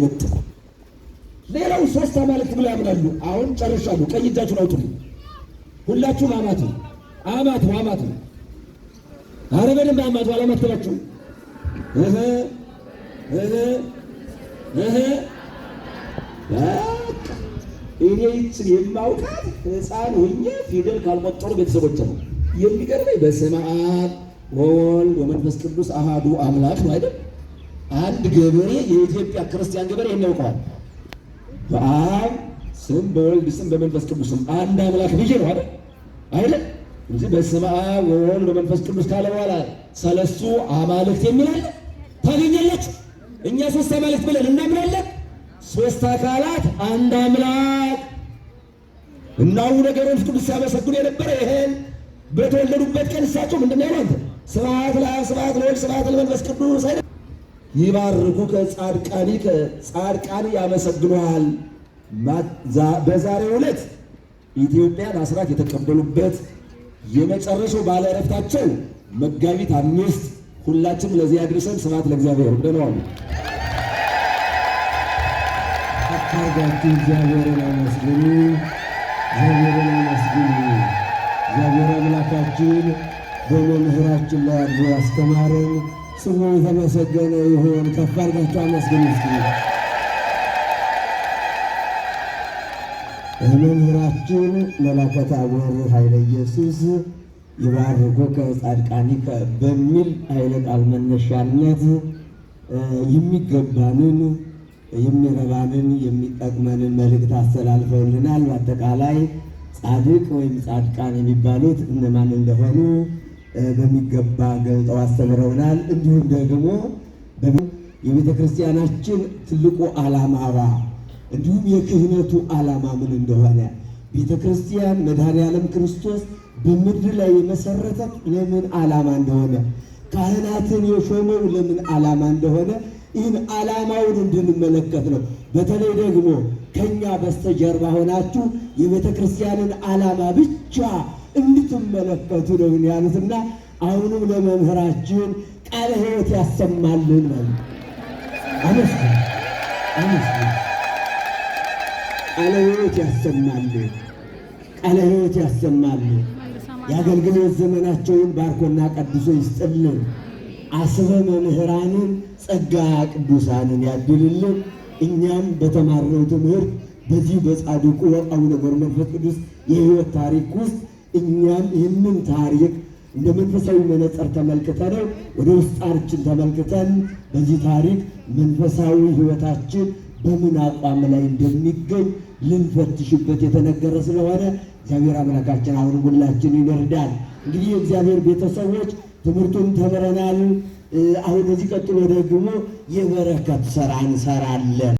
ወጥቶ ሌላው ሶስት አማልክት ብለው ያምናሉ። አሁን ጨርሻሉ። ቀኝ እጃችሁን አውጡ። ሁላችሁም አማት ነው፣ አማት ነው፣ አማት ነው። አረ በደንብ አማት ነው። አላማት ናችሁ። እኔ ይችን የማውቃት ሕፃን ሆኜ ፊደል ካልቆጠሩ ቤተሰቦች ነው የሚገርመኝ። በስመ አብ ወወልድ ወመንፈስ ቅዱስ አሃዱ አምላክ ነው አይደል አንድ ገበሬ የኢትዮጵያ ክርስቲያን ገበሬ ይህን ያውቀዋል። በአብ ስም በወልድ ስም በመንፈስ ቅዱስ አንድ አምላክ ብዬ ነው አይደል አይደል እንጂ በስመ አብ ወወልድ በመንፈስ ቅዱስ ካለ በኋላ ሰለስቱ አማልክት የሚላለ ታገኛለች። እኛ ሶስት አማልክት ብለን እናምናለን። ሶስት አካላት አንድ አምላክ እናው አቡነ ገብረ ቅዱስ ሲያመሰግኑ የነበረ ይሄን በተወለዱበት ቀን እሳቸው ምንድን ነው ያለው? አንተ ስብሐት ለአብ ስብሐት ለወልድ ስብሐት ለመንፈስ ቅዱስ አይደል ይባርኩ ከጻድቃኒ ጻድቃን ያመሰግኑሃል። በዛሬው ዕለት ኢትዮጵያን አስራት የተቀበሉበት የመጨረሻው ባለ ዕረፍታቸው መጋቢት አምስት ሁላችንም ለዚህ ያድርሰን። ስብሐት ለእግዚአብሔር ብለነዋል። አታርጋችሁ እግዚአብሔርን አመስግኑ፣ እግዚአብሔርን አመስግኑ። እግዚአብሔር አምላካችን በመምህራችን ላይ አድሮ ያስተማረን ስሙ የተመሰገነ ይሁን። ከፍ አድርጋችሁ አመስግኑ እስኪ። መምህራችን መላከ ታቦር ኃይለ ኢየሱስ ይባርኩ ከጻድቃኒ በሚል ኃይለ ቃል መነሻነት የሚገባንን የሚረባንን የሚጠቅመንን መልእክት አስተላልፈውልናል። በአጠቃላይ ጻድቅ ወይም ጻድቃን የሚባሉት እነማን እንደሆኑ በሚገባ ገልጠው አስተምረውናል። እንዲሁም ደግሞ የቤተ ክርስቲያናችን ትልቁ ዓላማዋ እንዲሁም የክህነቱ ዓላማ ምን እንደሆነ ቤተ ክርስቲያን መድኃኔ ክርስቶስ በምድር ላይ የመሰረተ ለምን ዓላማ እንደሆነ ካህናትን የሾመው ለምን ዓላማ እንደሆነ ይህን ዓላማውን እንድንመለከት ነው። በተለይ ደግሞ ከኛ በስተጀርባ ሆናችሁ የቤተ ክርስቲያንን ዓላማ ብቻ እንድትመለከቱ ነው ያሉትና አሁንም ለመምህራችን ቃለ ሕይወት ያሰማልን ማለት አነስ አነስ ቃለ ሕይወት ያሰማልን፣ ቃለ ሕይወት ያሰማልን። የአገልግሎት ዘመናቸውን ባርኮና ቀድሶ ይስጥልን። አስበ መምህራንን ጸጋ ቅዱሳንን ያድልልን። እኛም በተማረው ትምህርት በዚህ በጻድቁ አቡነ ገብረ መንፈስ ቅዱስ የሕይወት ታሪክ ውስጥ እኛም ይህንን ታሪክ እንደ መንፈሳዊ መነጽር ተመልክተን ወደ ውስጣችን ተመልክተን በዚህ ታሪክ መንፈሳዊ ህይወታችን በምን አቋም ላይ እንደሚገኝ ልንፈትሽበት የተነገረ ስለሆነ እግዚአብሔር አምላካችን አሁን ሁላችን ይመርዳል። እንግዲህ የእግዚአብሔር ቤተሰቦች ትምህርቱን ተምረናል። አሁን እዚህ ቀጥሎ ደግሞ የበረከት ስራ እንሰራለን።